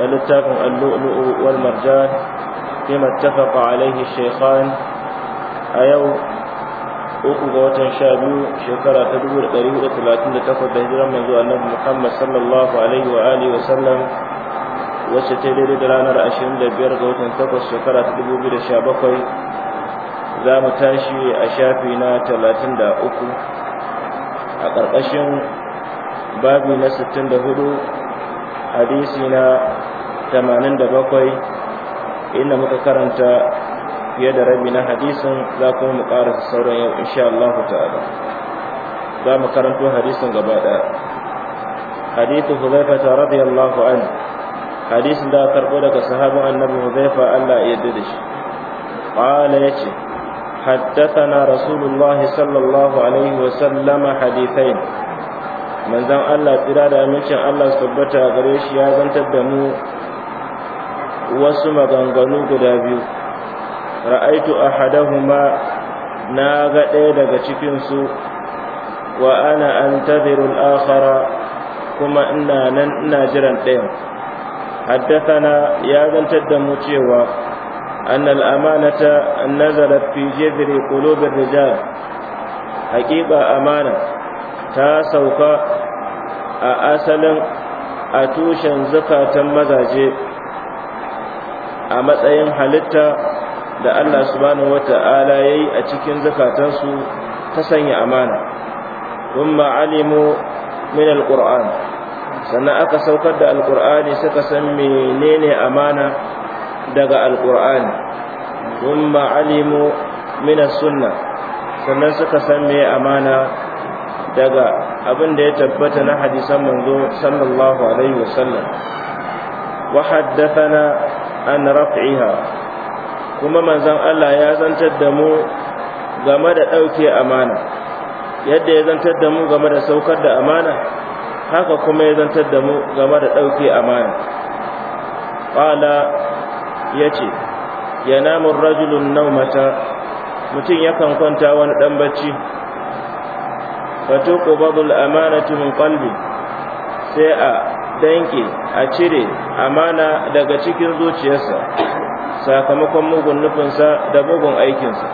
na littafin allu'lu'u wal marjan kima tafaqa alaihi shaykhan a yau uku ga watan sha biyu shekara ta dubu da ɗari hudu talatin da takwas da hijiran manzo annabi muhammad sallallahu alaihi wa wa sallam wacce ranar ashirin da biyar ga watan takwas shekara ta dubu biyu da sha bakwai za mu tashi a shafi na talatin da uku a ƙarƙashin babi na sittin da hudu hadisi na 87 inda muka karanta fiye da rabi na hadisin za kuma mu ƙara sauran yau insha Allah ta'ala za mu karanto hadisin gaba ɗaya hadithu Hudhaifa radiyallahu anhu hadisin da karɓo daga sahabin annabi Hudhaifa Allah ya yarda da shi qala yace حدثنا رسول الله صلى الله عليه وسلم حديثين من ذن الله ترى da amincin Allah tabbata gare shi ya zantar da wasu maganganu guda biyu ra'aitu ahadahuma na ga ɗaya daga cikinsu wa ana antadhiru al-akhara kuma ina nan ina jiran ɗayan haddathana ya zantar da mu cewa أن الأمانة نزلت في جذر amana ta sauka a asalin a tushen zakatan mazaje. a matsayin halitta da Allah subhanahu wata'ala yayi a cikin zakatansu ta sanya amana kuma alimu min alquran sannan aka saukar da alqur'ani suka san menene amana daga alqur'ani kuma alimu min sunna sannan suka san me amana daga abin da ya tabbata na hadisan manzo sallallahu alaihi wasallam wa haddathana an raf'iha kuma manzon Allah ya zantar da mu game da ɗauke amana yadda ya zantar da mu game da saukar da amana haka kuma ya zantar da mu game da ɗauke amana ƙwala ya ce yana mun rajulun naumata mutum yakan kwanta wani ɗan bacci fato ƙubabul amanatu min ƙalbi sai a danke a cire amana daga cikin zuciyarsa sakamakon mugun nufinsa da mugun aikinsa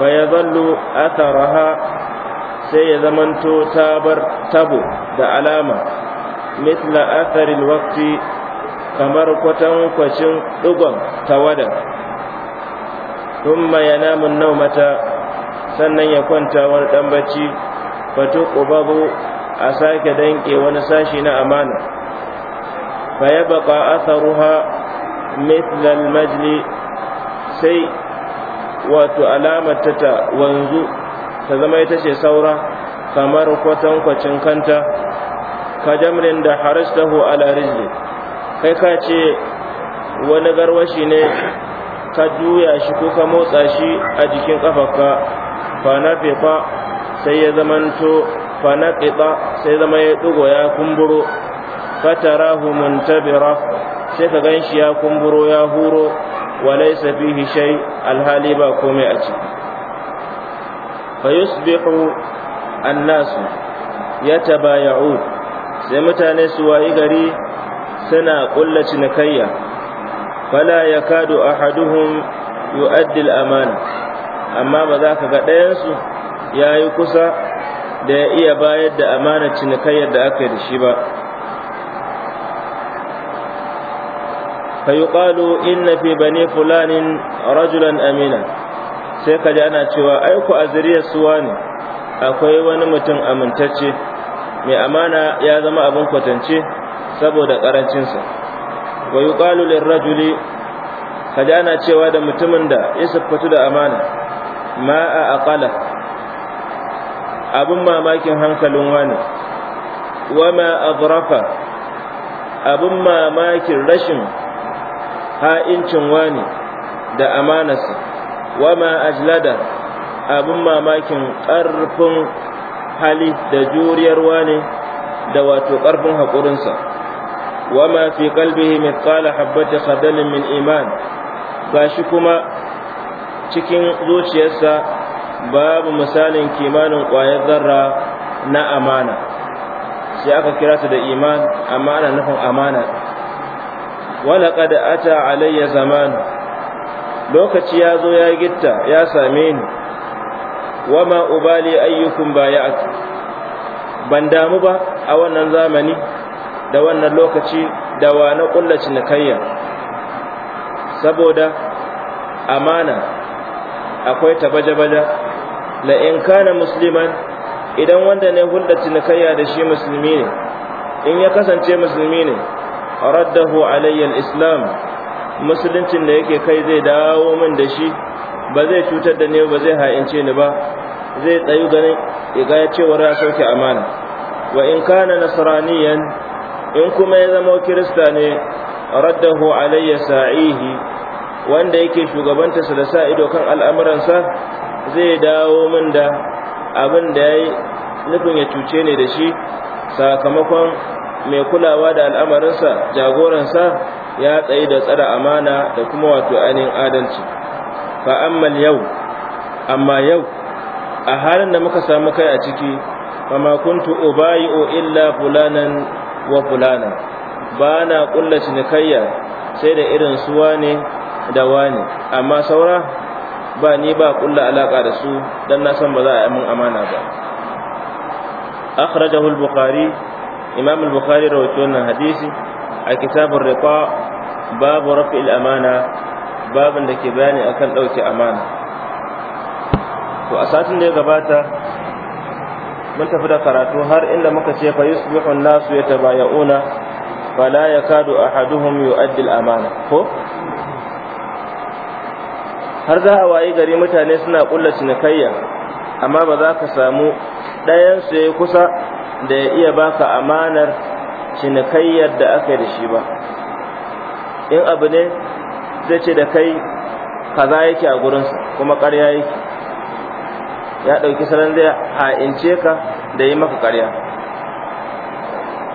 fa ya zallo atharaha sai ya zamanto tabar tabo da alama mitla atharil waqti kamar kwatankwacin dugon tawada thumma yanamu an-nawmata sannan ya kwanta wani dan bacci fatuqbabu a sake danke wani sashi na amana fa ya baka atharuha mithlal majli sai wato alamar ta ta wanzu ta zama ita ce saura kamar kwatankwacin kanta ka jamrin da harastahu ala rijli kai ka ce wani garwashi ne ka juya shi ko ka motsa shi a jikin kafarka fa na fefa sai ya zamanto fa sai zama ya dugo ya kumburo fatarahu muntabira sai ka ganshi ya kumburo ya huro wa laysa fihi shay alhali ba komai a ciki fa yusbihu annasu yatabaya'un sai mutane su wayi gari suna ƙulla cinikayya fala yakadu ahaduhum yu'addi al-amana amma ba za ka ga ɗayansu ya yi kusa da ya iya bayar da amanar cinikayyar da aka yi da shi ba in inna fi bane fulanin rajulan amina sai ka ji ana cewa ai ku azriyar suwa ne akwai wani mutum amintacce mai amana ya zama abin kwatance saboda karancinsa wa yuqalu lirrajuli ka ji ana cewa da mutumin da ya da amana ma a aqala abin mamakin hankalin wani wama agrafa abin mamakin rashin ha'incin wani da amanarsa wama ajlada abin mamakin ƙarfin hali da juriyar wani da wato ƙarfin haƙurinsa wama fi kalbihi mithqala habbati khardalin min iman gashi kuma cikin zuciyarsa babu misalin kimanin ƙwayar zarra na amana sai aka kira ta da iman amma ana nufin amana wala qad ata alayya zaman lokaci ya zo ya gitta ya same ni wama ubali ayyukum bayat ban damu ba a wannan zamani da wannan lokaci da wa na kullaci nikayya saboda amana akwai ta baje la in kana musliman idan wanda ne hulɗa cinikayya da shi musulmi ne in ya kasance musulmi ne raddahu alayya islam musuluncin da yake kai zai dawo min da shi ba zai cutar da ni ba zai ha'ince ni ba zai tsayu ganin iga cewar ya sauke amana wa in kana nasraniyan in kuma ya zama kirista ne raddahu alayya sa'ihi wanda yake shugabanta su da sa ido kan al'amuransa zai dawo min da abin da ya yi nufin ya cuce ne da shi sakamakon mai kulawa da al'amarinsa jagoransa ya tsayi da tsara amana da kuma wato ainihin adalci fa'ammal yau amma yau a halin da muka samu kai a ciki fama kuntu ubayi'u illa fulanan wa fulanan ba na ƙulla cinikayya sai da irin suwa ne da wani, amma saura ba ni ba kulla alaka da su dan na san ba za a yi mun amana ba akhrajahu al-bukhari imam al-bukhari rawaito wannan hadisi a kitabur riqa babu rafi al-amana babin da ke bayani akan dauke amana to a satin da ya gabata mun tafi da karatu har inda muka ce fa yusbihu an-nasu yatabaya'una fala yakadu ahaduhum yu'addi al-amana ko har za a wayi gari mutane suna kulla cinikayya amma ba za ka samu ɗayan su yayi kusa da ya iya baka amanar cinikayyar da aka yi da shi ba in abu ne zai ce da kai kaza yake a gurinsa kuma ƙarya yake ya ɗauki salon zai ha'ince ka da yi maka ƙarya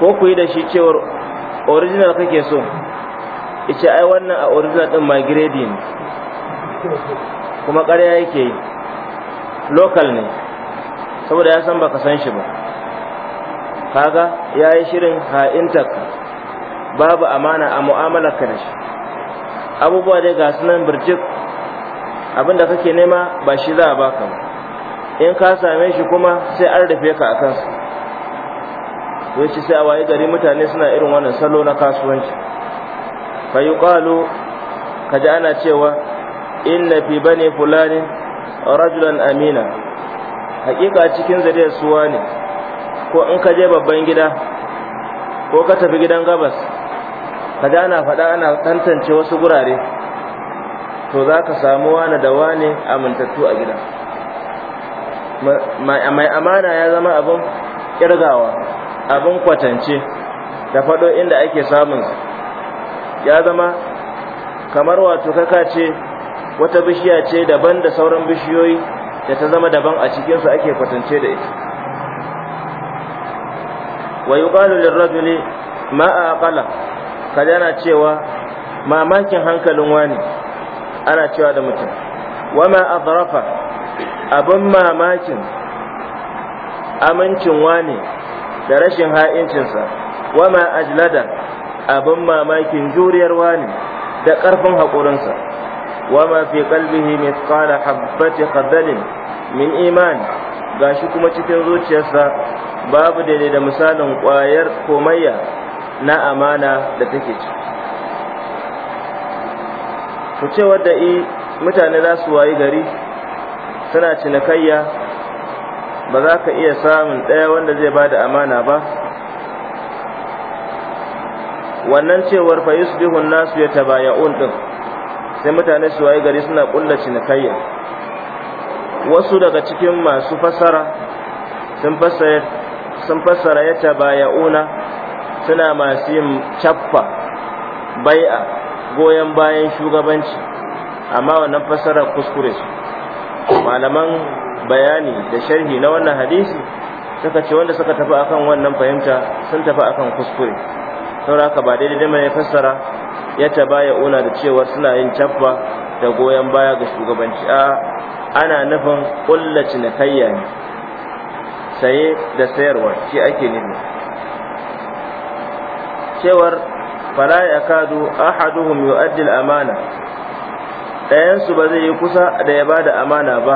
ko ku yi da shi cewar original kake so ice ai wannan a original ɗin ma giredi kuma ƙarya yake yi lokal ne saboda ya san baka san shi ba kaga ya yi shirin ha'intarka babu amana a mu'amalarka da shi abubuwa dai ga sunan birjik abinda kake nema ba shi za a baka ba in ka same shi kuma sai an rufe ka a kansu. yace sai a waye gari mutane suna irin wannan salo na kasuwanci fa ka ji ana cewa na fi bani fulani rajulan amina hakika cikin zariyar suwa ne ko in ka je babban gida ko ka tafi gidan gabas ka ji ana faɗa ana tantance wasu gurare to za ka samu wani da wani amintattu a gida mai amana ya zama abin kirgawa abin kwatance da faɗo inda ake samun ya zama kamar wato kaka ce wata bishiya ce daban da sauran bishiyoyi da ta zama daban a cikinsu ake kwatance da ita wa yuqalu lirrajuli ma aqala kadana cewa mamakin hankalin wani ana cewa da mutum wa ma adrafa abun mamakin amincin wani da rashin ha'incinsa wa ma ajlada abun mamakin juriyar wani da ƙarfin haƙurinsa وما في قلبه مثقال حبة khardalin min iman gashi kuma cikin zuciyarsa babu daidai da misalin kwayar komayya na amana da take ci ku ce wadda i mutane za su wayi gari suna cinikayya ba za ka iya samun ɗaya wanda zai bada amana ba wannan cewar fa yusbihun nasu ya tabaya'un ɗin. sai mutane su waye gari suna kulla cinikayya wasu daga cikin masu fassara sun fassara sun fassara ya suna masu yin cappa bai'a goyon bayan shugabanci amma wannan fasarar kuskure su malaman bayani da sharhi na wannan hadisi suka ce wanda suka tafi akan wannan fahimta sun tafi akan kuskure saura ka ba daidai mai fassara ya una da cewa suna yin tabba da goyon baya ga shugabanci a ana nufin kulla cinikayya ne saye da sayarwa shi ake nufi cewar fara ya kadu ahaduhum yu'addi al-amana ɗayansu ba zai yi kusa da ya ba da amana ba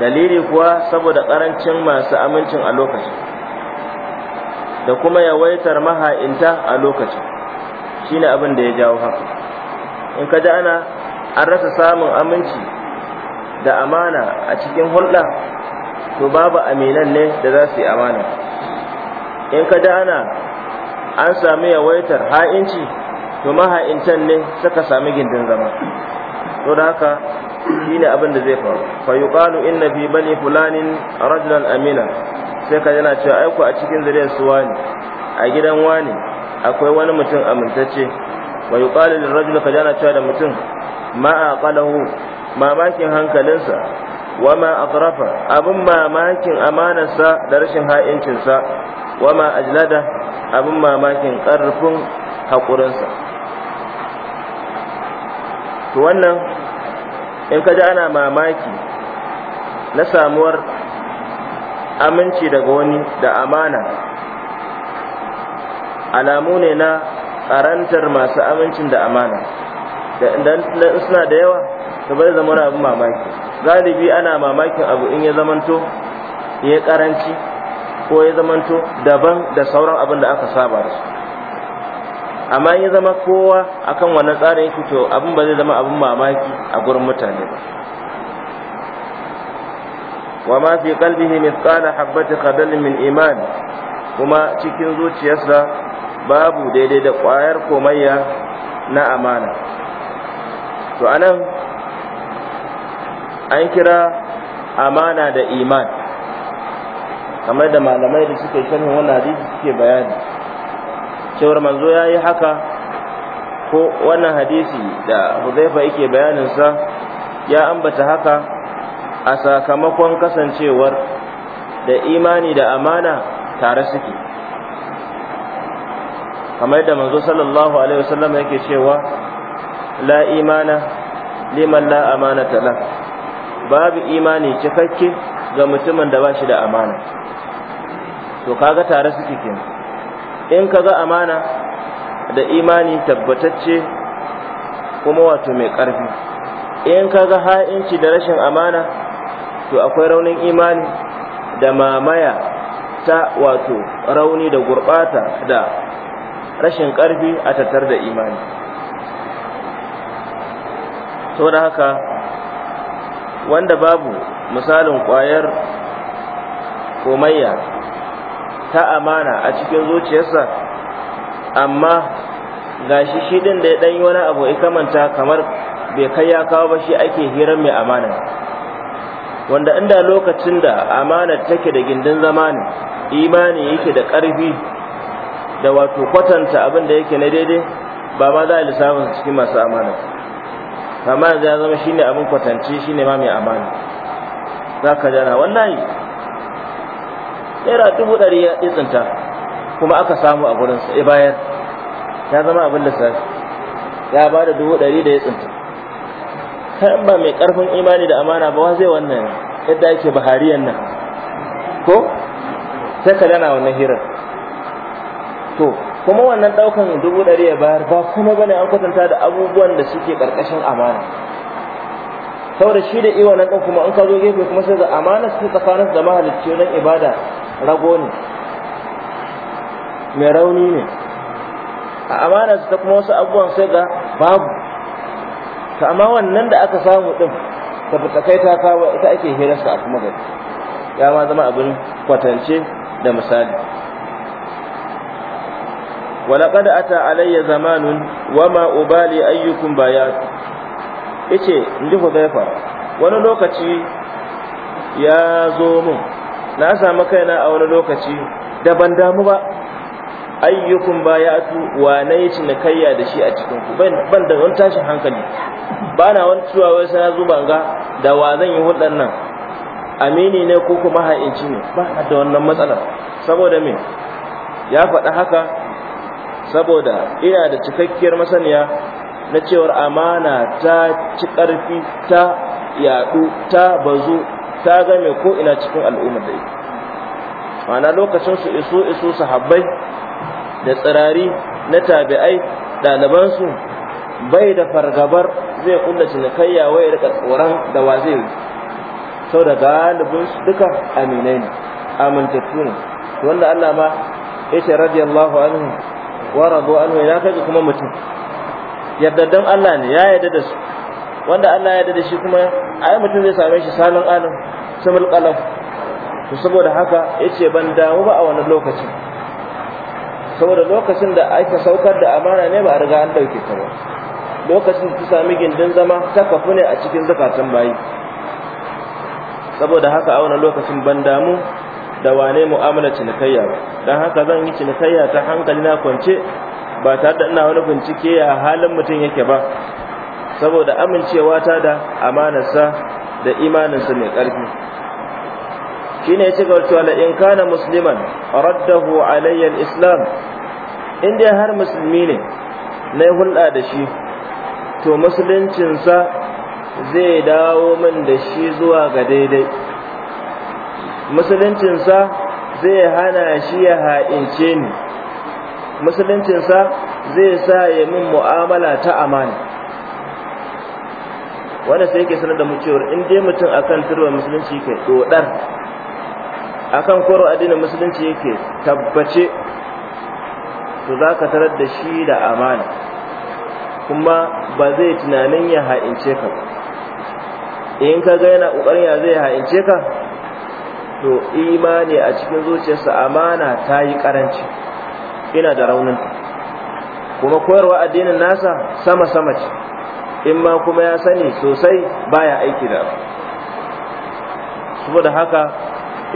dalili kuwa saboda ƙarancin masu amincin a lokacin da kuma yawaitar maha'inta a lokacin ne abin da ya jawo haka in ka ji ana an rasa samun aminci da amana a cikin hulɗa to babu aminan ne da za su yi amana in ka ji ana an sami yawaitar ha'inci to maha'intan ne suka sami gindin zama to da haka ne abin da zai faru fa inna fi bani fulanin rajulan amina sai ka yana cewa aiko a cikin zuriyar su wani a gidan wani akwai wani mutum amintacce wa yuqalu lirrajul ka yana cewa da mutum ma aqalahu mamakin hankalinsa wa ma atrafa abin mamakin amanarsa da rashin ha'incinsa wa ma ajlada abin mamakin karfin haƙurinsa to wannan in ka ji ana mamaki na samuwar aminci daga wani da amana alamu ne na karantar masu amincin da amana dan suna da yawa ta bai zama wani abin mamaki galibi ana mamakin abu in ya zamanto ya karanci ko ya zamanto daban da sauran abin da aka saba da su amma in ya zama kowa akan wannan tsarin yake to abin ba zai zama abin mamaki a gurin mutane wa ma fi qalbihi mithqala habati khardal min iman kuma cikin zuciyarsa babu daidai da ƙwayar komayya na amana to anan an kira amana da iman kamar da malamai da suke sharhin wannan hadisi suke bayani cewar manzo yayi haka ko wannan hadisi da Hudhaifa yake sa ya ambata haka a sakamakon kasancewar da imani da amana tare suke kamar da manzo sallallahu alaihi wasallam yake cewa la imana liman la amana tala babu imani cikakke ga mutumin da ba shi da amana to kaga tare suke kenan in kaga amana da imani tabbatacce kuma wato mai ƙarfi in kaga ha'inci da rashin amana to akwai raunin imani da mamaya ta wato rauni da gurbata da rashin karfi a tattar da imani to da haka wanda babu misalin kwayar komayya ta amana a cikin zuciyarsa amma gashi shi din da ya danyi wani abu ya kamanta kamar bai kai ya kawo ba shi ake hirar mai amana wanda inda lokacin da amanar take da gindin zamani imani yake da ƙarfi da wato kwatanta abin da yake na daidai ba ma za a lissafin cikin masu amana amma yanzu ya zama shine abin kwatance shine ma mai amana za ka jana wallahi naira dubu ɗari ya tsinta kuma aka samu a gurinsa ya bayar ya zama abin lissafi ya ba da dubu ɗari da ya tsinta kan ba mai karfin imani da amana ba wa zai wannan yadda ake bahariyan nan ko sai ka dana wannan hirar to kuma wannan daukan dubu ɗari ya bayar ba kuma bane an kwatanta da abubuwan da suke karkashin amana saboda shi da iwa nan kuma an ka zo gefe kuma sai ga amana su tsakanin da mahalicci don ibada rago ne mai rauni ne a amana su ta kuma wasu abubuwan sai ga babu to amma wannan da aka samu din ta kai ta kawo ita ake hirarsa a kuma gari ya ma zama abin kwatance da misali ولقد أتى علي زمان وما أبالي أيكم بايات ice in ji hudaifa wani lokaci ya zo mun na sami kaina a wani lokaci da ban damu ba ayyukum su wa nayi cinikayya da shi a cikin ban da wani tashin hankali ba na wani cewa wai sai na zo da wa zan yi hulɗar nan amini ne ko kuma ha'inci ne ba da wannan matsalar saboda me ya faɗi haka saboda ina da cikakkiyar masaniya na cewar amana ta ci ƙarfi ta yaɗu ta bazu ta game ko ina cikin al'ummar da yi. ma'ana lokacin su iso iso sahabbai da tsirari na tabi'ai ɗalibansu bai da fargabar zai kulla cinikayya wai ya rika tsoron da wa zai yi sau da galibin su duka aminai ne amintattu ne wanda Allah ma ya ce radiyallahu anhu wa radu anhu ya kai kuma mutum Yadda dan Allah ne ya yadda da su wanda Allah ya yadda da shi kuma ai mutum zai same shi salon alam samul qalam to saboda haka yace ban damu ba a wannan lokacin saboda lokacin da aka saukar da amana ne ba a riga an ɗauke ta ba lokacin da ta sami gindin zama ta kafu ne a cikin zukatan bayi saboda haka a lokacin ban damu da wane mu'amala cinikayya ba don haka zan yi cinikayya ta hankali na kwance ba tare da ina wani bincike ya halin mutum yake ba saboda amincewa ta da amanarsa da imaninsa mai ƙarfi shine ya ci gaba cewa la in kana musliman raddahu alayya al-islam in dai har musulmi ne na yi hulɗa da shi to musuluncinsa zai dawo min da shi zuwa ga daidai musuluncinsa zai hana shi ya haɗince ni musuluncinsa zai sa ya min mu'amala ta amana wanda sai yake sanar da mu cewa in dai mutum akan turba musulunci ke dodar akan koro addinin musulunci yake tabbace to za ka tarar da shi da amana kuma ba zai tunanin ya ha'ince ka ba in ka ga yana ƙoƙarin ya zai ha'ince ka to imani a cikin zuciyarsa amana ta yi ƙaranci ina da raunin kuma koyarwa addinin nasa sama-sama ce in ma kuma ya sani sosai baya aiki da saboda haka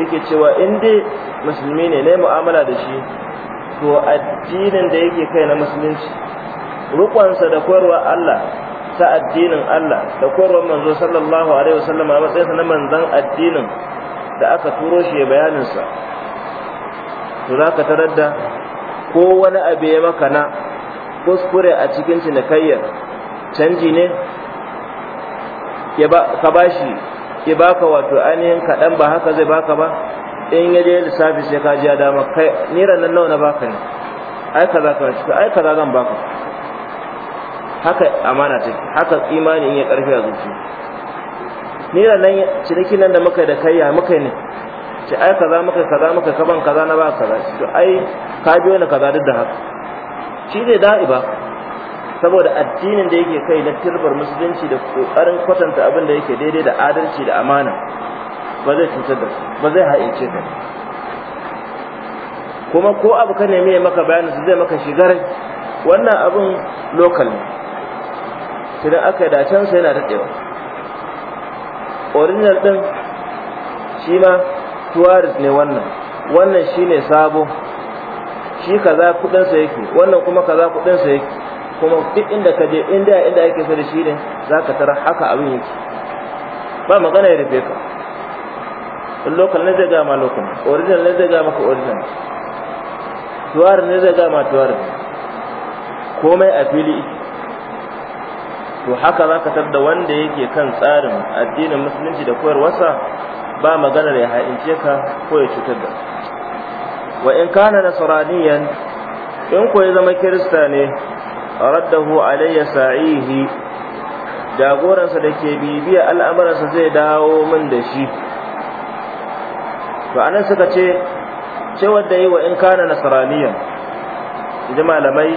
yake cewa in dai musulmi ne na mu'amala da shi to addinin da yake kai na musulunci rukunsa da koyarwa Allah ta addinin Allah da koyarwar manzo sallallahu alaihi wasallam a matsayinsa na manzon addinin da aka turo shi ya bayanin sa to zaka tarar da ko wani abu ya maka na kuskure a cikin cinikayyar canji ne ka bashi ya baka wato ainihin kaɗan ba haka zai baka ba in ya je lissafi sai ka ji ya dama kai naira nan nawa na baka ne ai kaza ka ci ai kaza zan baka haka amana take haka imani in ya karfi a zuci naira nan ciniki nan da muka da kai ya muka ne ce ai kaza muka kaza muka kaban kaza na ba kaza to ai ka biyo ni kaza duk da haka shi zai da'i ba saboda addinin da yake kai na turbar musulunci da kokarin kwatanta abin da yake daidai da adalci da amana ba zai cutar da su ba zai haice ka kuma ko abu ka nemi ya maka bayani su zai maka shigar wannan abin lokal ne idan aka yi can sa yana daɗewa original ɗin shi ma tuwaris ne wannan wannan shi ne sabo shi kaza kuɗinsa yake wannan kuma kaza kuɗinsa yake kuma duk inda ka je inda inda yake so da shi ne za ka tara haka abin yake ba magana ya rufe ka in local ne zai gaya ma local original ne zai gaya maka original tuwarin ne zai gaya ma tuwarin komai a fili to haka za ka tarda wanda yake kan tsarin addinin musulunci da wasa ba maganar ya ha'ince ka ko ya cutar da wa in kana nasraniyan in koyi zama kirista ne raddahu alayya sa'ihi jagoransa da ke bibiya al'amuransa zai dawo min da shi to anan suka ce ce da yi wa in kana nasraniyan idan malamai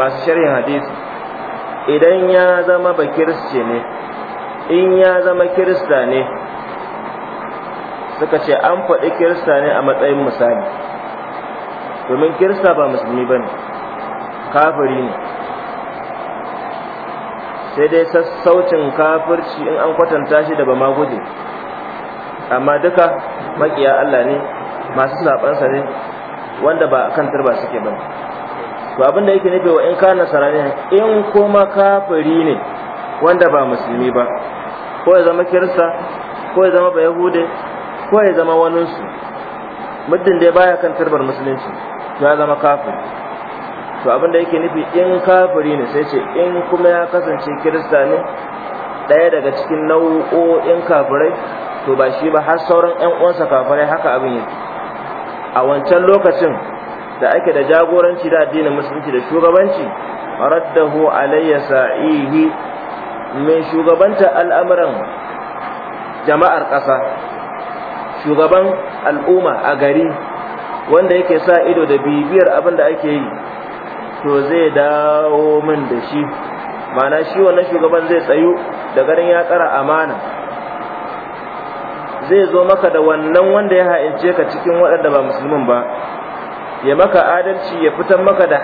masu sharhin hadisi idan ya zama ba kirsti ne in ya zama kirista ne suka ce an faɗi kirista ne a matsayin misali domin kirista ba musulmi ba ne kafiri ne sai dai sassaucin kafirci in an kwatanta shi da ba ma amma duka makiya Allah ne masu sabansa ne wanda ba kan turba suke ba to abin da yake nufi wa in nasara ne, in kuma kafiri ne wanda ba musulmi ba ko ya zama kirista ko ya zama ba yahude ko ya zama waninsu muddin da baya kan turbar musulunci ya zama kafir to abin da yake nufi in kafiri ne sai ce in kuma ya kasance kirista ne ɗaya daga cikin nau'o'in kafirai to ba shi ba har sauran ƴan uwansa kafirai haka abin yake a wancan lokacin da ake da jagoranci da addinin musulunci da shugabanci raddahu alayya sa'ihi min shugabanta al'amuran jama'ar ƙasa shugaban al'umma a gari wanda yake sa ido da bibiyar abin da ake yi to zai dawo min da shi mana shi wannan shugaban zai tsayu da garin ya tsara amana zai zo maka da wannan wanda ya ha'ince ka cikin waɗanda ba musulmin ba ya maka adalci ya fitar maka da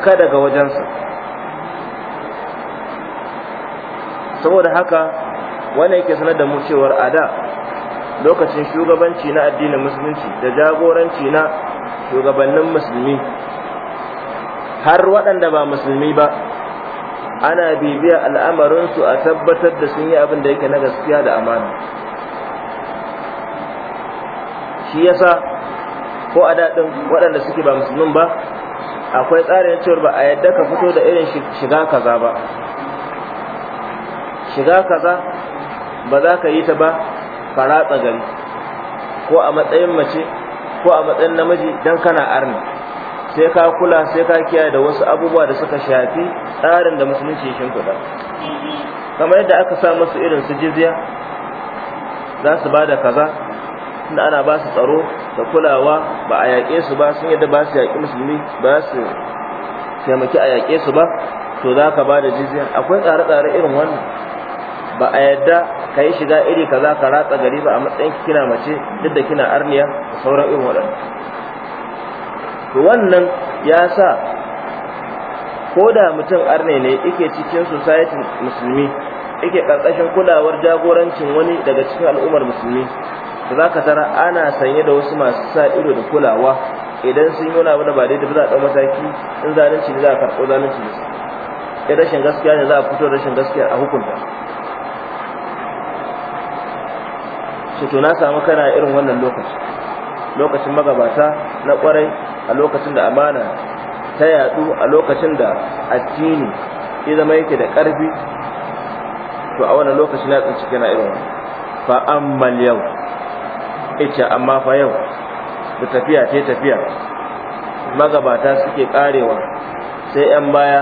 ka daga wajensa saboda haka wanda yake sanar da mu cewar a lokacin shugabanci na addinin musulunci da jagoranci na shugabannin musulmi har waɗanda ba musulmi ba ana bibiya al'amarinsu a tabbatar da sun yi abin da yake na gaskiya da amana shi yasa ko a daɗin waɗanda suke ba musulmin ba akwai tsarin cewar ba a yadda ka fito da irin shiga kaza ba shiga kaza ba za ka yi ta ba faratsa gari ko a matsayin mace ko a matsayin namiji don kana arna sai ka kula sai ka kiyaye da wasu abubuwa da suka shafi tsarin da musulunci shimfiɗa kamar yadda aka sa masu irin su jizya za su ba da kaza tunda ana ba su tsaro da kulawa ba a yaƙe su ba sun yadda ba su yaƙi musulmi ba su taimaki a yaƙe su ba to za ka ba da jizya akwai tsare-tsare irin wannan ba a yadda ka yi shiga iri kaza ka ratsa gari ba a matsayin kina mace duk da kina arniya da sauran irin waɗanda to wannan ya sa ko da mutum arne ne yake cikin sosayetin musulmi yake ƙarƙashin kulawar jagorancin wani daga cikin al'ummar musulmi to za ka tara ana sanye da wasu masu sa ido da kulawa idan sun yi wani da ba daidai ba za a ɗau mataki in zalunci ne za a karɓo zalunci ne in rashin gaskiya ne za a fito rashin gaskiya a hukunta su to na samu kana irin wannan lokaci lokacin magabata na kwarai a lokacin da amana ta yadu a lokacin da addini ya zama yake da ƙarfi to a wannan lokaci na tsinci kana irin wannan fa yau ita amma fa yau da tafiya ce tafiya magabata suke karewa sai yan baya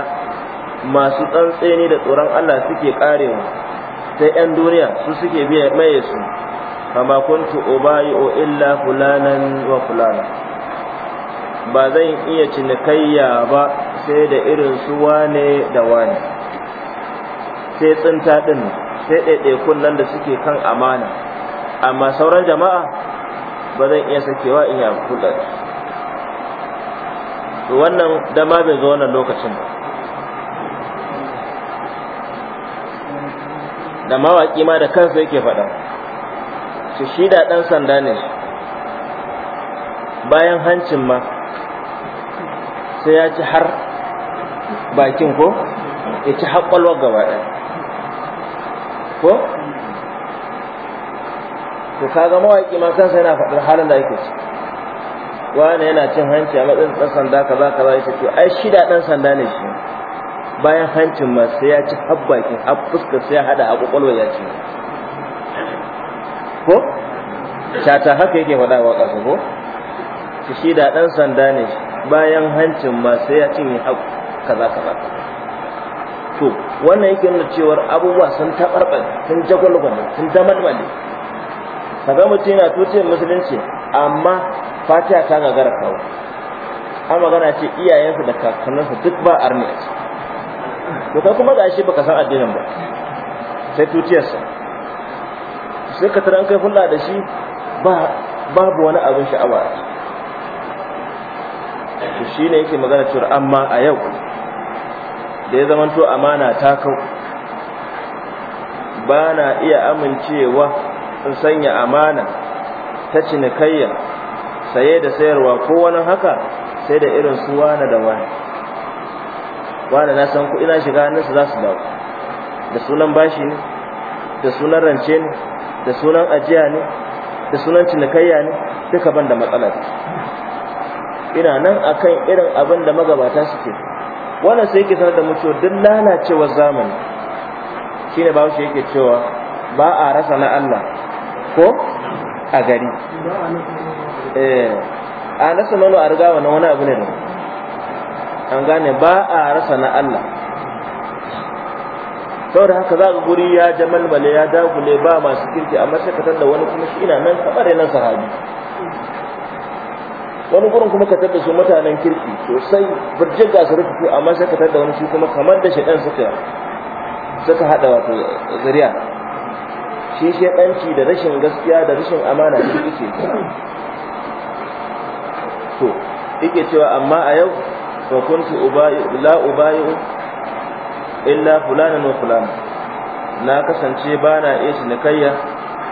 masu tsantseni da tsoron Allah suke karewa sai yan duniya su suke biya maye su kama kuntu o illa fulanan wa fulana ba zan iya cinikayya ba sai da irin su wane da wane sai tsinta din sai ɗaiɗaikun nan da suke kan amana amma sauran jama'a ba zan iya sakewa in ya kula to wannan dama bai zo wannan lokacin ba da mawaƙi ma da kansa yake faɗa su shi da ɗan sanda ne bayan hancin ma sai ya ci har bakin ko ya ci haƙƙwalwar gaba ɗaya ko to kaga mawaki ma kansa yana faɗar halin da yake ci wani yana cin hanci a matsayin ɗan sanda kaza kaza yake to ai shida ɗan sanda ne shi bayan hancin ma sai ya ci habbaki har fuskar sai ya hada a kwakwalwa ya ci ko cata haka yake faɗa wa ƙasa ko shi shi da ɗan sanda ne shi, bayan hancin ma sai ya cinye haku kaza kaza to wannan yake nuna cewar abubuwa sun taɓarɓar sun jagwalgwale sun damalmale kaga mutum yana tutiyar musulunci amma fatiha ta gagara kawo an magana ce iyayensa da kakanninsa duk ba arni a ce to kai kuma gashi baka san addinin ba sai tutiyarsa sai ka taran kai fulla da shi ba babu wani abin sha'awa to ne yake magana cewa amma a yau da ya zamanto amana ta kau ba na iya amincewa sun sanya amana ta cinikayya saye da sayarwa ko wani haka sai da irin su wane da wane wane na san kuɗi na shiga su za su dawo da sunan bashi ne da sunan rance ne da sunan ajiya ne da sunan cinikayya ne duka ban da ta ina nan akan irin abin da magabata suke Wani sai yake sanar da mu cewa duk lalacewar zamani shine ba shi yake cewa ba a rasa na Allah ko a gari eh, a nasa nono a riga wani wani abu ne da an gane ba a rasa na Allah saboda haka za ga guri ya bale ya dagule ba masu kirki amma sai ka da wani kuma shi ina nan kamar nan sahabi wani gurin kuma ka tada su mutanen kirki sosai birjin ga su rufe amma sai ka tada wani shi kuma kamar da shaɗan suka suka haɗa wato zuriya shi shi ɗanci da rashin gaskiya da rashin amana shi yake to yake cewa amma a yau fa kuntu la ubayu illa fulana wa fulana na kasance ba na iya cinikayya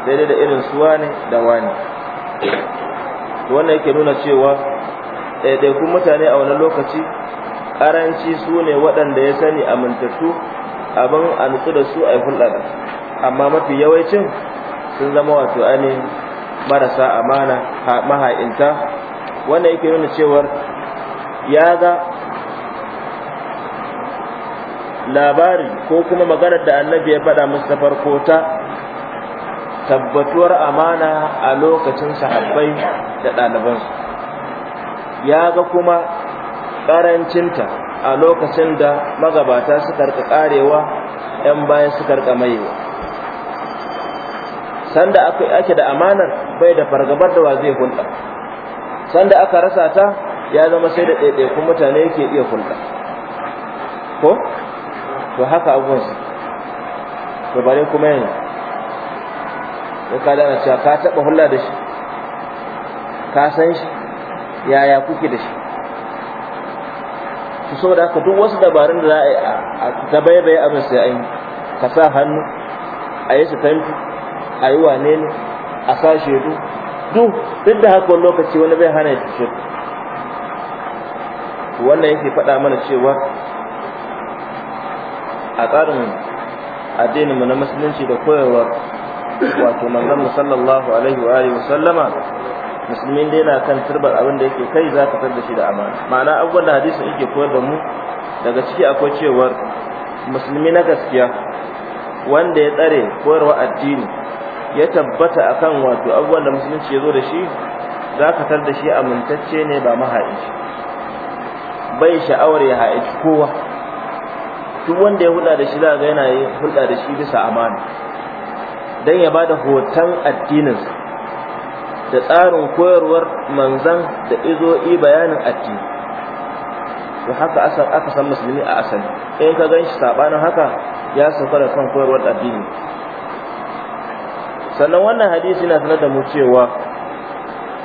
daidai da irin suwa ne da wani wannan yake nuna cewa ɗaiɗaikun mutane a wani lokaci ƙaranci su ne waɗanda ya sani amintattu abin a nutsu da su a yi hulɗa da su amma mafi yawancin sun zama wato ainihin marasa amana maha'inta wanda yake nuna cewar ya ga labari ko kuma maganar da annabi ya faɗa musu farko ta tabbatuwar amana a lokacin sahabbai da ɗalibansu ya ga kuma ƙarancinta a lokacin da magabata suka rika ƙarewa 'yan baya suka rika maiwa sanda aka ake da amanar bai da fargabar da wa zai hulɗa sanda aka rasa ta ya zama sai da kun mutane yake iya hulɗa ko to haka abun su to bare kuma yanzu ko ka dana cewa ka taɓa hulɗa da shi ka san shi yaya kuke da shi so da haka duk wasu dabarun da za a yi a ta baibaye abin sai an yi ka sa hannu a yi su tantu a yi wane ne a sashe du? duk duk da haka lokaci wani bai hana ya shi wannan yake faɗa mana cewa a tsarin addininmu na musulunci da koyarwar wato manzon mu sallallahu alaihi wa alihi sallama musulmin dai na kan turbar abin da yake kai za ka da shi da amana ma'ana abubuwan da hadisin yake koyar da mu daga ciki akwai cewar musulmi na gaskiya wanda ya tsare koyarwa addini ya tabbata akan wato abubuwan da musulunci ya zo da shi za ka tar da shi amintacce ne ba mahaici bai sha'awar ya haici kowa duk wanda ya hulɗa da shi za ga yana hulɗa da shi bisa amana don ya ba da hoton addinin da tsarin koyarwar manzan da izo i bayanin addini to haka aka san musulmi a asali in ka gan shi saɓanin haka ya sauka da kan koyarwar addini sannan wannan hadisi na sanar da mu cewa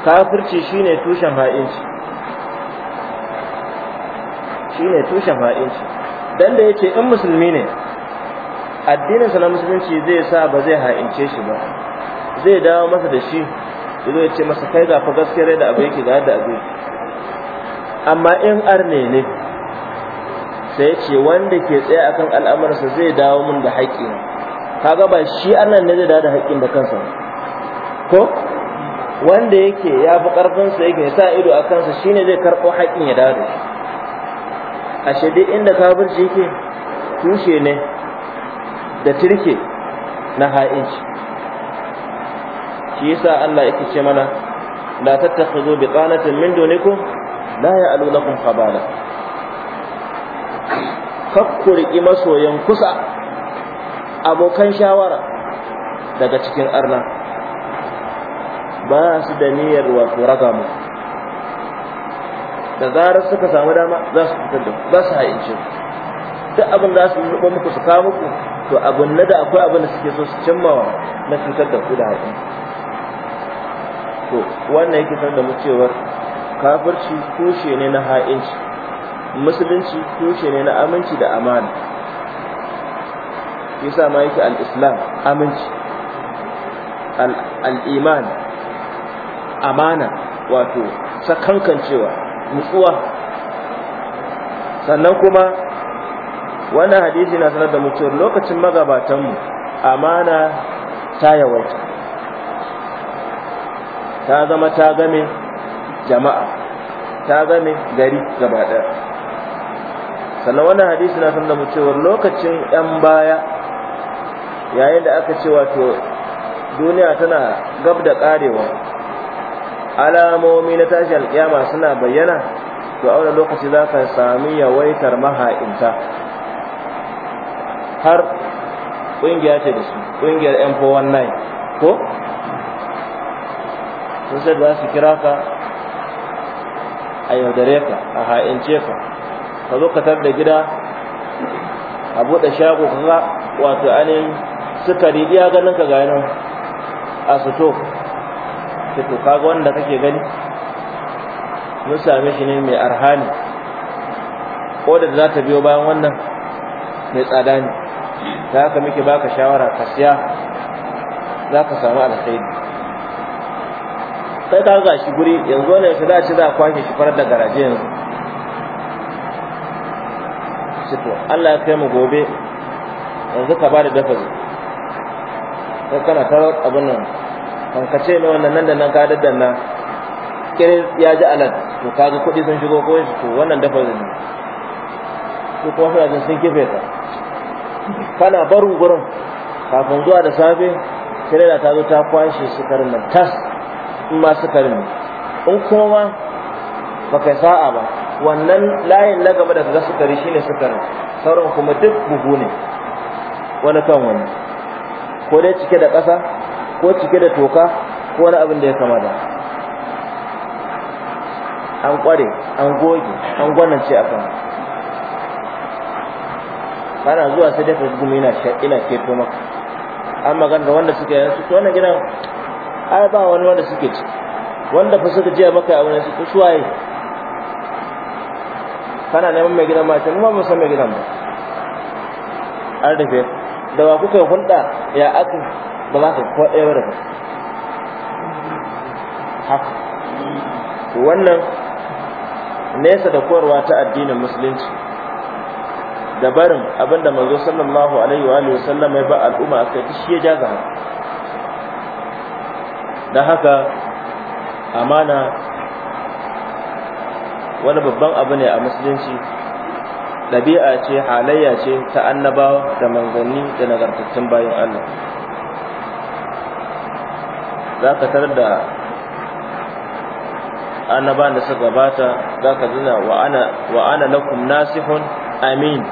kafirci shine tushen ha'inci shine tushen ha'inci dan da yace in musulmi ne addininsa na musulunci zai sa ba zai ha'ince shi ba zai dawo masa da shi zai ce masa kai ga fa gaskiyar da abu yake ga da abu amma in arne ne sai ce wanda ke tsaye akan al'amarsa zai dawo mun da haƙƙina kaga ba shi annan ne zai da haƙƙin da kansa ko wanda yake ya fi ƙarfinsa yake sa ido a kansa shine zai karɓo haƙƙin ya dado ashe duk inda kafirci yake tushe ne da tirke na ha'inci shi yasa Allah yake ce mana la tattakhidhu qanatin min dunikum la ya'lu lakum khabala kakkuri masoyan kusa abokan shawara daga cikin arna ba su da niyyar wato raga mu da zarar suka samu dama za su fitar da za su haince duk abin za su lubo muku su kawo muku to abin na da akwai abin da suke so su cimmawa na fitar da ku da haɗin to wannan yake san da mu cewar kafirci tushe ne na ha'inci musulunci tushe ne na aminci da amana yasa ma yake al-islam aminci al-iman amana wato sakankancewa nutsuwa sannan kuma wannan hadisi na sanar da mu cewa lokacin magabatanmu amana ta yawaita ta zama ta game jama'a ta game gari gaba ɗaya sannan wannan hadisi na sanar da mu cewa lokacin 'yan baya yayin da aka ce wato duniya tana gab da karewa alamomi na tashi alkiyama suna bayyana to a wani lokaci za ka sami yawaitar maha'inta har ƙungiya ce da su ƙungiyar m419 ko? sun sai za su kira ka a yaudare ka a ha'ince ka ka zo ka tar da gida a buɗe shago ka wato ainihin suka ridi ya ganin ka gani a suto ce to kaga wanda kake gani mun same shi ne mai arhani ko da za ta biyo bayan wannan mai tsada ne ta haka muke baka shawara ka siya za ka samu alkhairi sai ka ga shi guri yanzu wannan shi za a ci za a kwashe shi farar da garaje yanzu Allah ya kai mu gobe yanzu ka ba da zai sai kana ta abin nan kankace ne wannan nan da nan ka na, kire ya ji alat to ga kuɗi sun shigo ko to wannan dafa zai su kuma suna jin sun kife ka kana barin gurin kafin zuwa da safe kirena ta zo ta kwashe sukarin nan tas in ma sukarin ne in kuma ma baka sa'a ba wannan layin na gaba da kaga sukari shine sukarin sauran kuma duk buhu ne wani kan wani ko dai cike da ƙasa ko cike da toka ko wani abin da ya kama da an ƙware an goge an gwanance a kan kana zuwa sai dai kai gumi ina to maka an magana da wanda suke yi su wannan gidan ai ba wani wanda suke ci wanda fa suka je maka a wani su suwaye kana neman mai gidan ma sai mu ba mu san mai gidan ba an rufe da ba kuka hulɗa ya aka ba za ka ɗaya ba wannan nesa da koyarwa ta addinin musulunci da barin abinda manzo sallallahu alaihi wa alihi wasallam ya ba al'umma akai shi ya jaza Da haka amana wani babban abu ne a musulunci ɗabi'a ce halayya ce ta annabawa da manzanni da nagartattun bayan Allah za ka tar da annabawan da suka gabata za ka zina wa ana lakum nasihun amin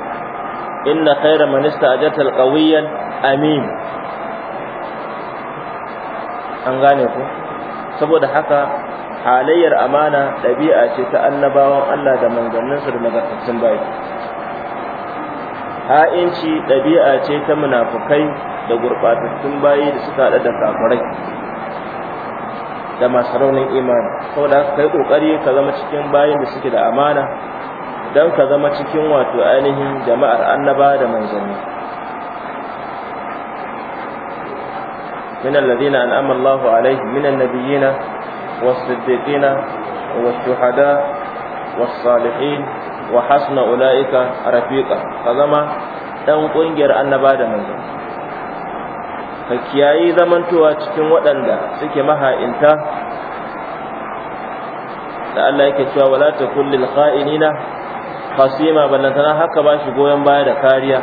inna khaira man ista'jata alqawiyyan amin an gane ku saboda haka halayyar amana ɗabi'a ce ta annabawan Allah da manzanninsa da nagartattun bayi ha'inci ɗabi'a ce ta munafukai da gurɓatattun bayi da suka haɗa da kafirai da masu raunin imani saboda haka kai ƙoƙari ka zama cikin bayin da suke da amana don ka zama cikin wato ainihin jama'ar annaba da manzanni من الذين أنعم الله wasu من النبيين والصديقين والشهداء والصالحين wa hasna ulaika rafiqa ka zama dan kungiyar annaba da manzo ka kiyayi zamantowa cikin waɗanda suke maha'inta da Allah yake cewa wala ta kullil kha'inina khasima ballantana haka ba shi goyen baya da kariya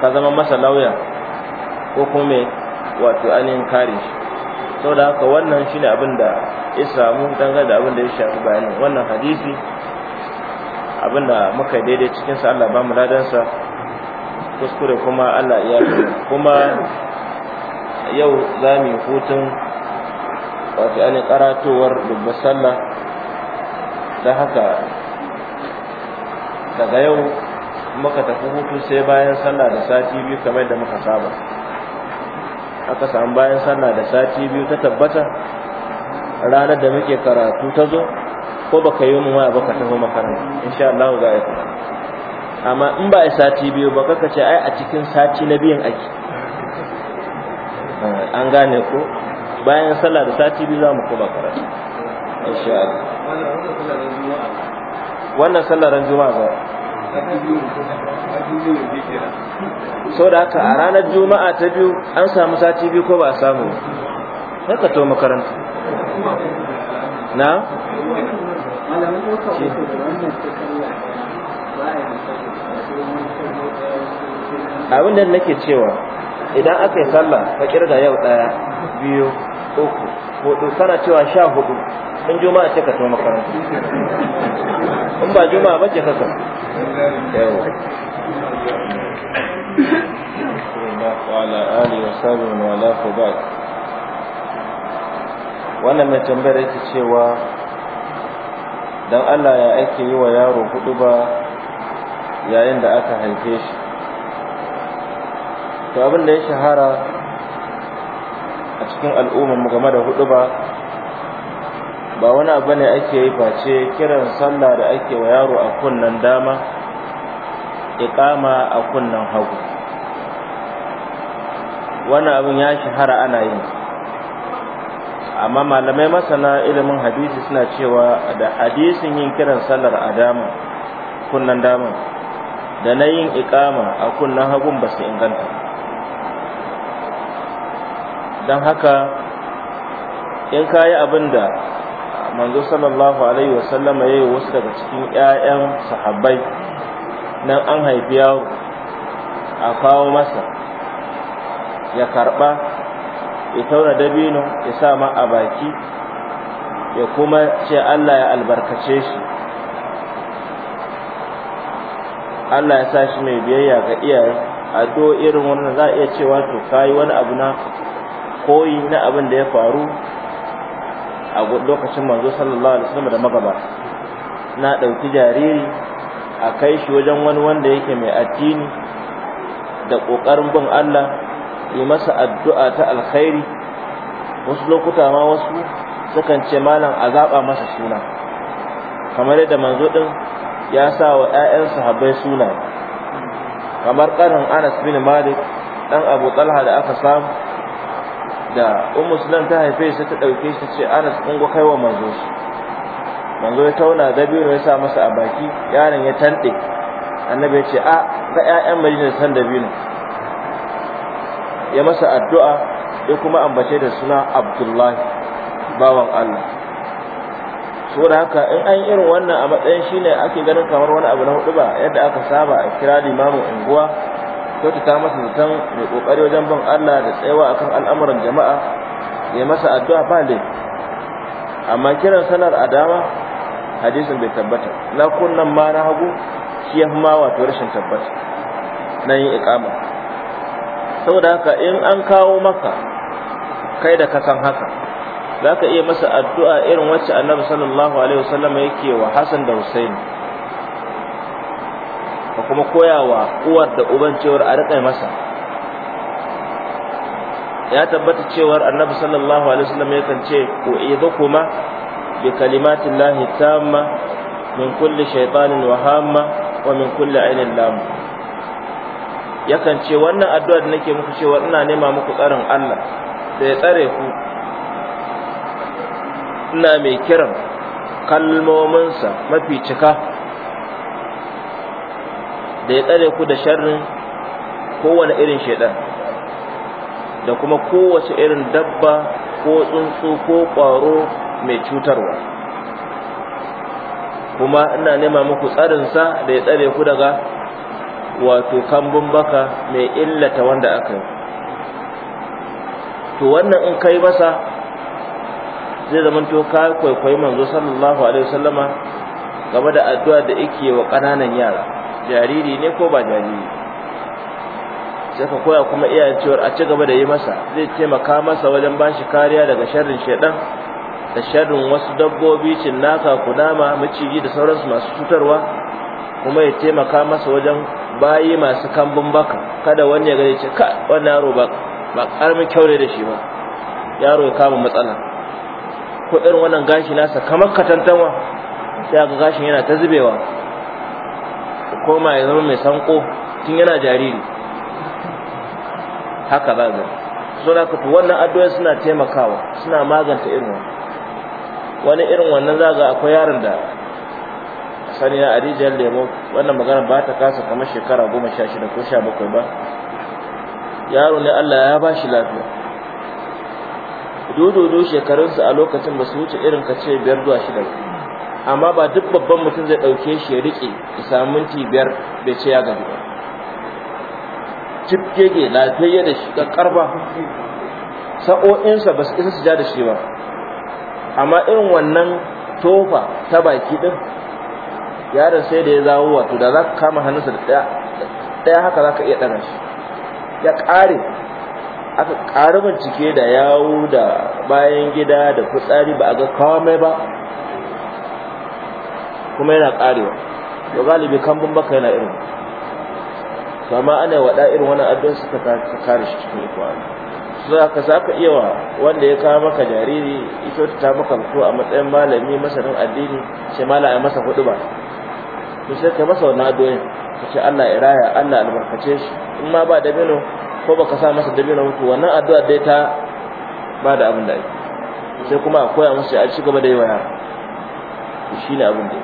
ka zama masa lauya ko kuma wato ainihin kare shi saboda haka wannan shine abin da ya samu dangane da abin da ya shafi bayanin wannan hadisi Abin abinda muka daidai cikin sa Allah ba mu ladansa kuskure kuma Allah ya kuma yau mu hutun wato an karatowar dubbar sallah da haka daga yau muka tafi hutu sai bayan sallah da sati biyu kamar da muka saba aka samu bayan sallah da sati biyu ta tabbata ranar da muke karatu ta zo ko baka yi mun waya ka taho makaranta insha Allah za a yi amma in ba a sati biyu ba kaka ce ai a cikin sati na biyan ake eh, an gane ko bayan sallah da sati biyu za mu koma karatu insha Allah wannan sallar ran juma'a za so da haka a ranar juma'a ta biyu an samu sati biyu ko ba a samu ka to makaranta na abin da nake cewa idan aka yi sallah ka kirga yau daya biyu uku hudu kana cewa sha hudu in juma'a ce ka to karanta in ba juma'a ba ce ka san Wannan وعلى tambayar وصحبه cewa. dan Allah ya ake yi wa yaro hudu ba yayin da aka haife shi to abin da ya shahara a cikin mu game da hudu ba ba wani abu ne ake yi face kiran sallah da ake wa yaro a kunnan dama iqama a kunnan hagu wannan abin ya shahara ana yin amma malamai masana ilimin hadisi suna cewa da hadisin yin kiran sallar a dama kunnan dama da na yin ikama a kunnan hagun ba su inganta don haka in ka yi abin da manzo sallallahu alaihi wasallama ya yi wasu daga cikin 'ya'yan sahabbai nan an haifi yawo a kawo masa ya karɓa ya taura dabino ya sa ma a baki ya kuma ce Allah ya albarkace shi Allah ya sa shi mai biyayya ga iyaye do irin wannan za a iya cewa to kai wani abu na koyi na abin da ya faru a lokacin manzo sallallahu alaihi wasallam da magaba na ɗauki jariri a kai shi wajen wani wanda yake mai addini da ƙoƙarin bin Allah yi masa addu'a ta alkhairi wasu lokuta ma wasu sukan ce malam a zaɓa masa suna kamar yadda manzo ɗin ya sa wa ‘ya'yan sahabbai suna kamar ƙarin anas bin malik ɗan abu talha da aka samu da un musulun ta haife shi ta ɗauke shi ce anas in ga kaiwa manzo shi manzo ya tauna dabino ya sa masa a baki yaron ya tanɗe annabi ya ce a ga ‘ya'yan madina san dabino ya masa addu'a ya kuma ambace da suna abdullahi bawan Allah so da haka in an irin wannan a matsayin shine ake ganin kamar wani abu na hudu ba yadda aka saba a kira limamin unguwa ta masa zaton mai kokari wajen ban Allah da tsayawa akan al'amuran jama'a ya masa addu'a ba ne. amma kiran salar adama hadisin bai tabbata na kunnan ma na hagu shi ya fi ma wato rashin tabbata na yin iƙama. saboda haka in an kawo maka kai da kasan haka za ka iya masa addu'a irin wacce annabi sallallahu alaihi wasallam yake wa Hassan da Husaini ka kuma koyawa uwar da uban cewar a riƙa masa ya tabbata cewar annabi sallallahu alaihi wasallam yakan ce ku kuma, bi kalimatillahi tamma min kulli shaytanin wa hamma wa min kulle ainin lamu. yakan ce wannan addu'a da nake muku cewa ina nema muku tsarin Allah da ya tsare ku ina mai kiran kalmominsa mafi cika da ya tsare ku da sharrin kowane irin shaidan da kuma kowace irin dabba ko tsuntsu ko ƙwaro mai cutarwa kuma ina nema muku tsarinsa da ya tsare ku daga wato kambun baka mai illata wanda aka yi to wannan in kai masa zai zama to ka kwaikwayi manzo sallallahu alaihi wasallama game da addu'a da yake wa ƙananan yara jariri ne ko ba jariri sai ka koya kuma iyayen cewa a ci gaba da yi masa zai taimaka masa wajen ba shi kariya daga sharrin shaidan da sharrin wasu dabbobi naka, kunama maciji da sauransu masu cutarwa kuma ya taimaka masa wajen bayi masu kambun baka kada wani ya gani ce ka wani yaro ba ba kyau ne da shi ba yaro ya kama matsala ko irin wannan gashi nasa kamar katantanwa sai ga gashin yana ta zubewa koma ya zama mai sanko tun yana jariri haka ba ga so da wannan addu'a suna taimakawa suna maganta irin wani irin wannan za ga akwai yaron da tsakanina a rijiyar lemo wannan magana ba ta kasa kamar shekara goma sha shida ko sha bakwai ba yaro ne Allah ya ba shi lafiya dododo shekarunsa a lokacin ba su wuce irin ka ce biyar zuwa shida amma ba duk babban mutum zai ɗauke shi ya riƙe ya samu minti biyar bai ce ya gabu ba cif gege da shi karba. sa'o'insa ba su isa su ja da shi ba amma irin wannan tofa ta baki ɗin yaron sai da ya zawo wato da za ka kama hannunsa da ɗaya haka za ka iya ɗaga shi ya ƙare aka ƙari bincike da yawo da bayan gida da fitsari ba a ga mai ba kuma yana ƙarewa to galibi kambun baka yana irin to amma ana waɗa irin wani addu'a suka kare shi cikin ikon za ka saka iya wa wanda ya kawo maka jariri ita ta maka ko a matsayin malami masanin addini sai mala a masa hudu ba to sai ka masa wannan addu'o'in ka ce Allah ya raya Allah albarkace shi in ma ba dabino ko baka sa masa dabino ko wannan addu'a dai ta ba da abin da yake sai kuma a koya musu a ci gaba da yi wa yara shi ne abin da ya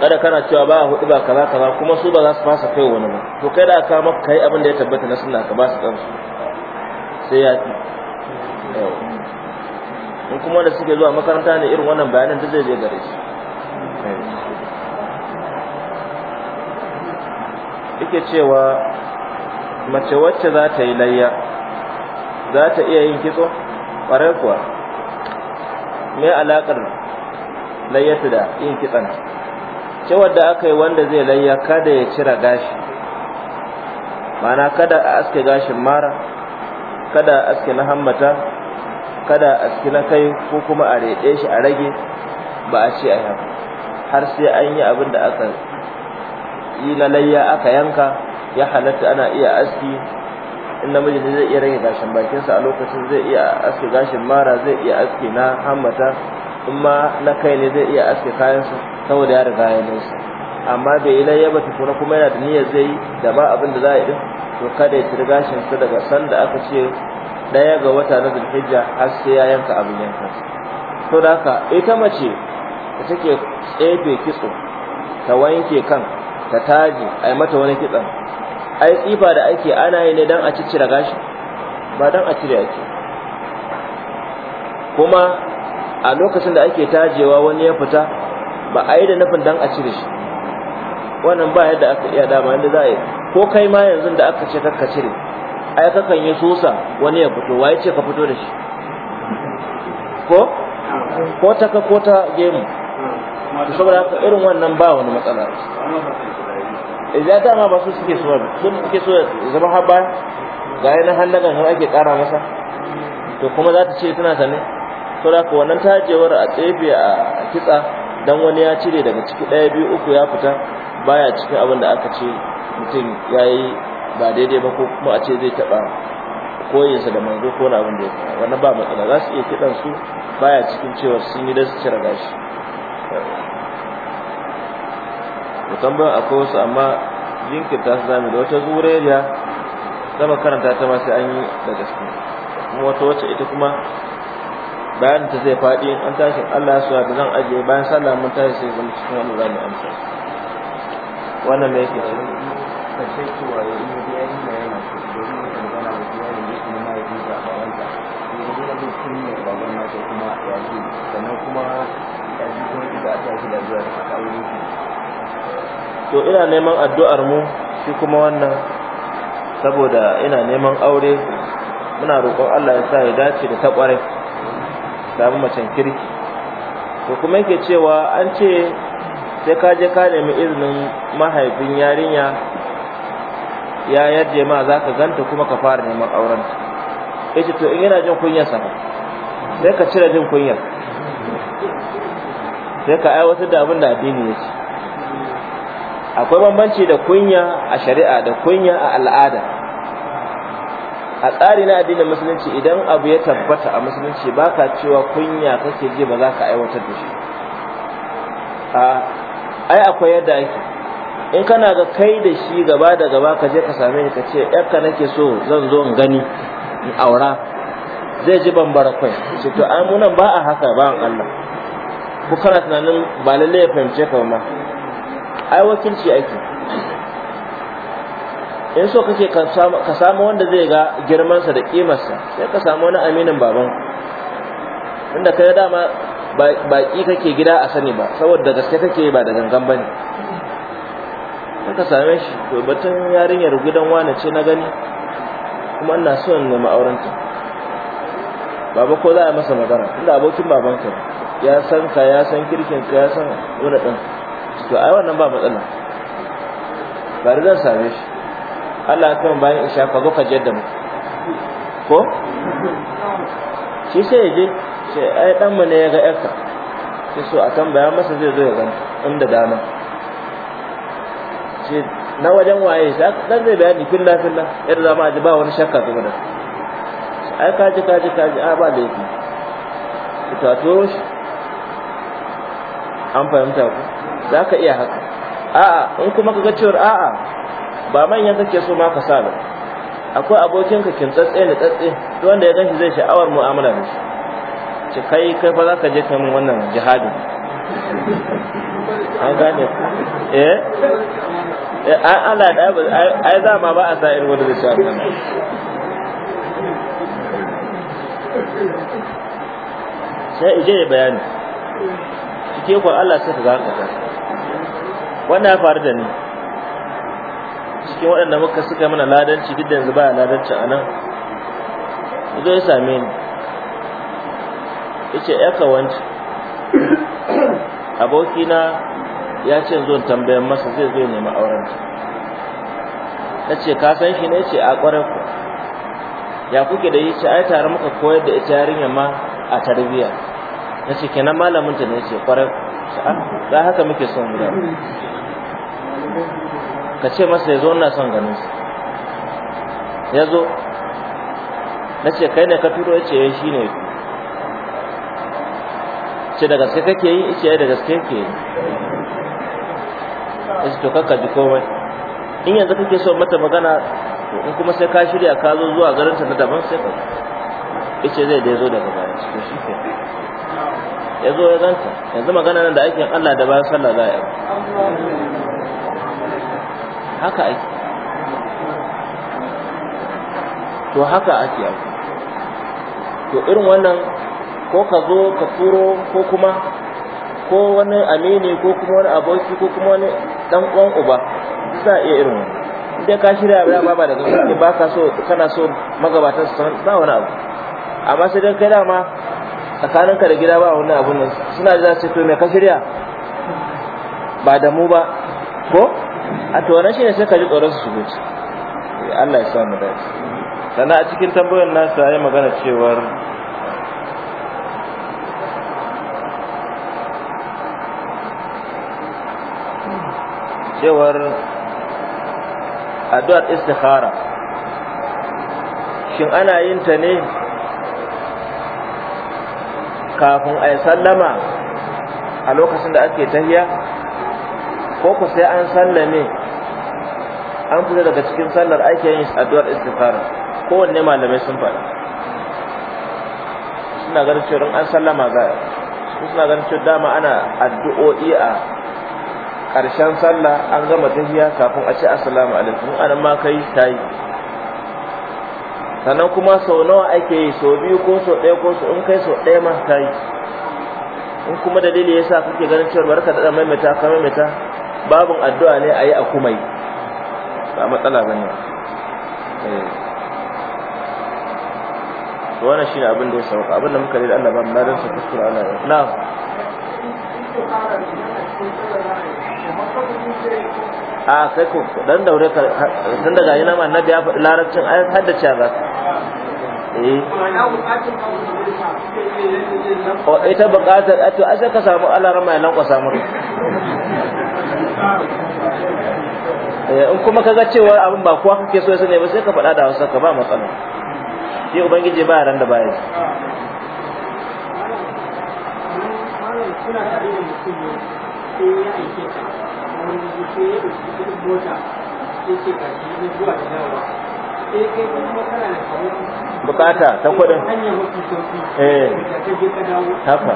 kada kana cewa ba hudu ba kaza kaza kuma su ba za su fasa kai wani ba to kai da aka maka kai abin da ya tabbata na sunna ka ba su kansu sai ya fi in kuma da suke zuwa makaranta ne irin wannan bayanan da zai je gare su. yake cewa mace wacce za ta yi layya za ta iya yin kitso ƙwarar kuwa mai alaƙar layyata da yin kitson cewar da aka yi wanda zai layya kada ya cira gashi mana kada a aske gashin mara kada a aske na hammata kada a aske na kai ko kuma a reɗe shi a rage ba a ce a yi har sai an yi abin da aka kila layya aka yanka ya halatta ana iya aski in namiji zai iya rage gashin bakinsa a lokacin zai iya aske gashin mara zai iya aske na hammata in na kai ne zai iya aske kayansa saboda ya riga ya nesa amma bai yi layya ba tukuna kuma yana da niyyar zai da ba abin da za a yi to kada ya cire gashinsa daga sanda aka ce ɗaya ga wata na zulhijja har sai ya yanka abin yanka to da haka ita mace da take tsefe kitso ta wanke kan ta taji ai mata wani kitsa ai tsifa da ake ana yi ne dan a ciccire gashi ba dan a cire ake kuma a lokacin da ake tajewa wani ya fita ba a yi da nufin dan a cire shi wannan ba yadda aka iya dama yadda za a yi ko kai ma yanzu da aka ce ka cire ai kakan yi susa wani ya fito waye ce ka fito da shi ko ko ta ka ko ta gemu saboda haka irin wannan ba wani matsala idan dama ba su suke so sun suke so zama haba ga yana hallakan har ake kara masa to kuma za ta ce tana sane to da ko wannan tajewar a tsefe a kitsa dan wani ya cire daga ciki ɗaya biyu uku ya fita baya cikin abin da aka ce mutum yayi ba daidai ba ko kuma a ce zai taba koyinsa da manzo ko abin da ya fara wannan ba matsala za su iya kidan su baya cikin cewa sun yi da su cire gashi musamman akwai wasu amma jinkirta su zamu da wata ya sama karanta ta ma sai an yi da gaske kuma wata wacce ita kuma bayan ta zai faɗi an tashi Allah ya suwa zan ajiye bayan sallah mun tashi sai zama cikin wannan zamu amsa wannan me yake cewa to ina neman addu'ar mu shi kuma wannan saboda ina neman aure muna roƙon Allah ya sa ya dace da takwarai, samu macen kirki to kuma yake cewa an ce sai ka je ka nemi izinin mahaifin yarinya ya yarje ma za ka ganta kuma ka fara neman auren ya ce to in yana jin kunyar sa sai ka cire jin kunyar sai ka aiwatar da abin da addini ya ce akwai bambanci da kunya a shari'a da kunya a al'ada a tsari na addinin musulunci idan abu ya tabbata a musulunci baka cewa kunya kake ji ba za ka aiwatar da shi a ai akwai yadda ake in kana ga kai da shi gaba da gaba ka je ka same ni ka ce yarka nake so zan zo in gani in aura zai ji bambara kwai ce to ai nan ba a haka ba an Allah ku kana tunanin ba lalle ya fahimce ka ba ai wakilci ake in so kake ka samu wanda zai ga girmansa da kimarsa sai ka samu wani aminin baban inda kai dama baki kake gida a sani ba saboda gaske kake ba da gangan bane sai ka same shi to batun yarinyar gidan wani ce na gani kuma ina so in nemi aurenta baba ko za a masa magana inda abokin babanka ya san ka ya san kirkin ka ya san wani ɗan to ai wannan ba matsala bari zan same shi Allah kan bayan isha ka zo ka je da mu ko shi sai je sai ai dan mu ne ya ga yarka sai so a tambaya masa zai zo ya ga inda dama shi na wajen waye sai dan zai bayani filla filla yadda za mu ji ba wani shakka game da ai ji ka ji a ba yake ita to an fahimta ku za ka iya haka a'a in kuma ka ga cewar a'a ba manyan kake so ma ka sa ba akwai abokinka kintsatse ne tsatse wanda ya ganshi zai sha'awar mu'amala da shi ce kai kai fa za ka je kai min wannan jihadin an gane eh an ala da ai za ma ba a sa irin wanda zai sha sai ije bayani. bayani cike ku Allah sai ka ka wannan ya faru da ni cikin waɗanda muka suka mana ladanci duk da yanzu a ladanci a nan zo ya same ni yace ya kawanci abokina ya ce zo tambayan masa zai zo nemi auren ta ce ka san shi ne ce a ƙwarar ku ya kuke da yi ce ai tare muka koyar da ita yarinya ma a tarbiyya na ce kenan malamin ta ne ce ƙwarar ku za ah, haka muke son gudanar ka ce masa ya zo ina son ganin su ya zo na ce kai ne ka turo ya ce ya eh, shi ne ce da gaske kake yi ce eh, da gaske ke yi ya ce to kakka ji komai in yanzu kake so mata magana in kuma sai ka shirya ka zo zuwa garin ta na daban sai ka ce zai dai zo daga baya su shi ke ya zo ya zanta yanzu magana nan da aikin Allah da bayan sallah za a yi haka ake to haka ake ake to irin wannan ko ka zo ka turo ko kuma ko wani amini ko kuma wani aboki ko kuma wani dan uwan uba za iya irin wannan idan ka shirya ba ba ba daga kuma ba ka so kana so magabatan su san ba wani abu amma sai dan kai dama ka da gida ba wani abu ne suna da za to me ka shirya ba da mu ba ko a to shi ne sai ka ji tsoron su goce Allah ya sa mu dace sannan a cikin tambayoyin nasa ya magana cewar cewar addu'ar istikhara shin ana yin ta ne kafin a sallama a lokacin da ake tahiya ko ku sai an sallame an fita daga cikin sallar ake yin addu'ar istikhara kowanne malamai sun faɗi suna ganin cewa an sallama ga a suna ganin cewa dama ana addu'o'i a ƙarshen sallah an gama tahiya kafin a ce assalamu alaikum an ma kai tayi sannan kuma sau nawa ake yi sau biyu ko sau ɗaya ko sau in kai sau ɗaya ma tayi in kuma dalili yasa kake ganin cewa barka da maimaita ka maimaita babin addu'a ne a yi a kuma yi ba matsala ba ne eh. wannan shi ne abin da ya sauka abin da muka da Allah ba da su kuskure Allah ya na a kai ko dan daure ka dan daga yana ma annabi ya faɗi larabcin har haddace ga eh Ko ita buƙatar a to a sai ka samu Allah rama ya lankwasa mu in kuma kaga cewa abin ba kowa kake so ya sani ba sai ka faɗa da Hausa ka ba matsala shi ubangiji ba ran da ba ya Eh, bukata ta kudin eh haka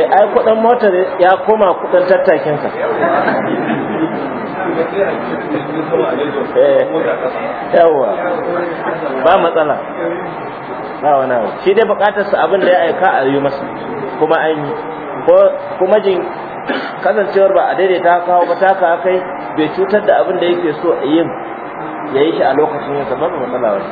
eh ai kudin motar ya koma kudin tattakin ka eh. yawa ba matsala ba wani shi dai bukatarsa abin da ya aika a yi masa kuma an yi kuma jin kasancewar ba a daidaita kawo ba taka kai bai cutar da abin da yake so a yin ya yi shi a lokacin yin sabon matsala wani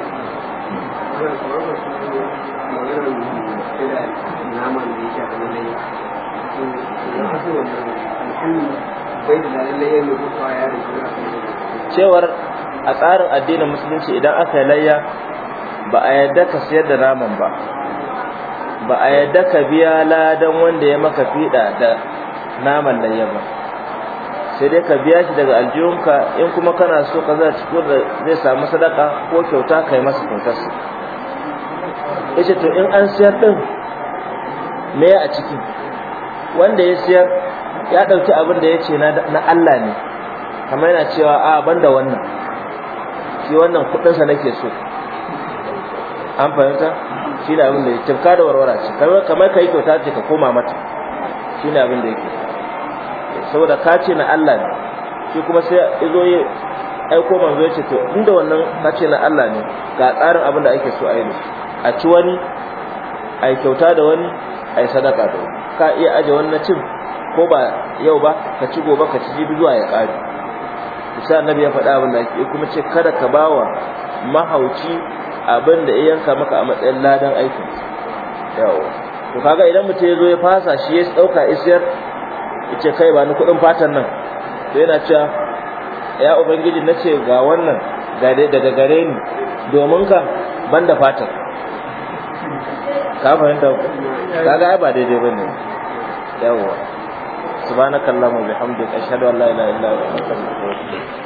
cewar a tsarin addinin musulunci idan aka yi layya ba a yadda ka sayar da naman ba ba a yadda ka biya ladan wanda ya maka fiɗa da naman nan ba sai dai ka biya shi daga aljihunka in kuma kana so ka za ci da zai samu sadaka ko kyauta kai masa kyautarsa yace to in an siyar din me a ciki wanda ya siyar ya dauki abin da yace na na Allah ne kamar yana cewa a banda wannan shi wannan kudin sa nake so an fahimta shi ne abin da ya tafka da warwara shi kamar kamar kai kyauta ce ka koma mata shi ne abin da yake saboda ka ce na Allah ne shi kuma sai izo ya aiko manzo ce to inda wannan ka ce na Allah ne ga tsarin abin da ake so a yi a ci wani a yi kyauta da wani a yi sadaka da wani ka iya aje wannan cin ko ba yau ba ka ci gobe ka ci jibi zuwa ya kare. sai annabi ya faɗa abin da ake kuma ce kada ka ba wa mahauci abin da ya yanka maka a matsayin ladan aikin yawo to kaga idan mutum ya zo ya fasa shi ya dauka isiyar yace kai ba ni kudin fatan nan sai yana cewa ya ubangiji nace ga wannan gare daga gare ni domin ka banda fatan ka fahimta ka ga ba daidai bane yawa subhanakallahumma bihamdika ashhadu an la ilaha illa anta astaghfiruka wa atubu ilaik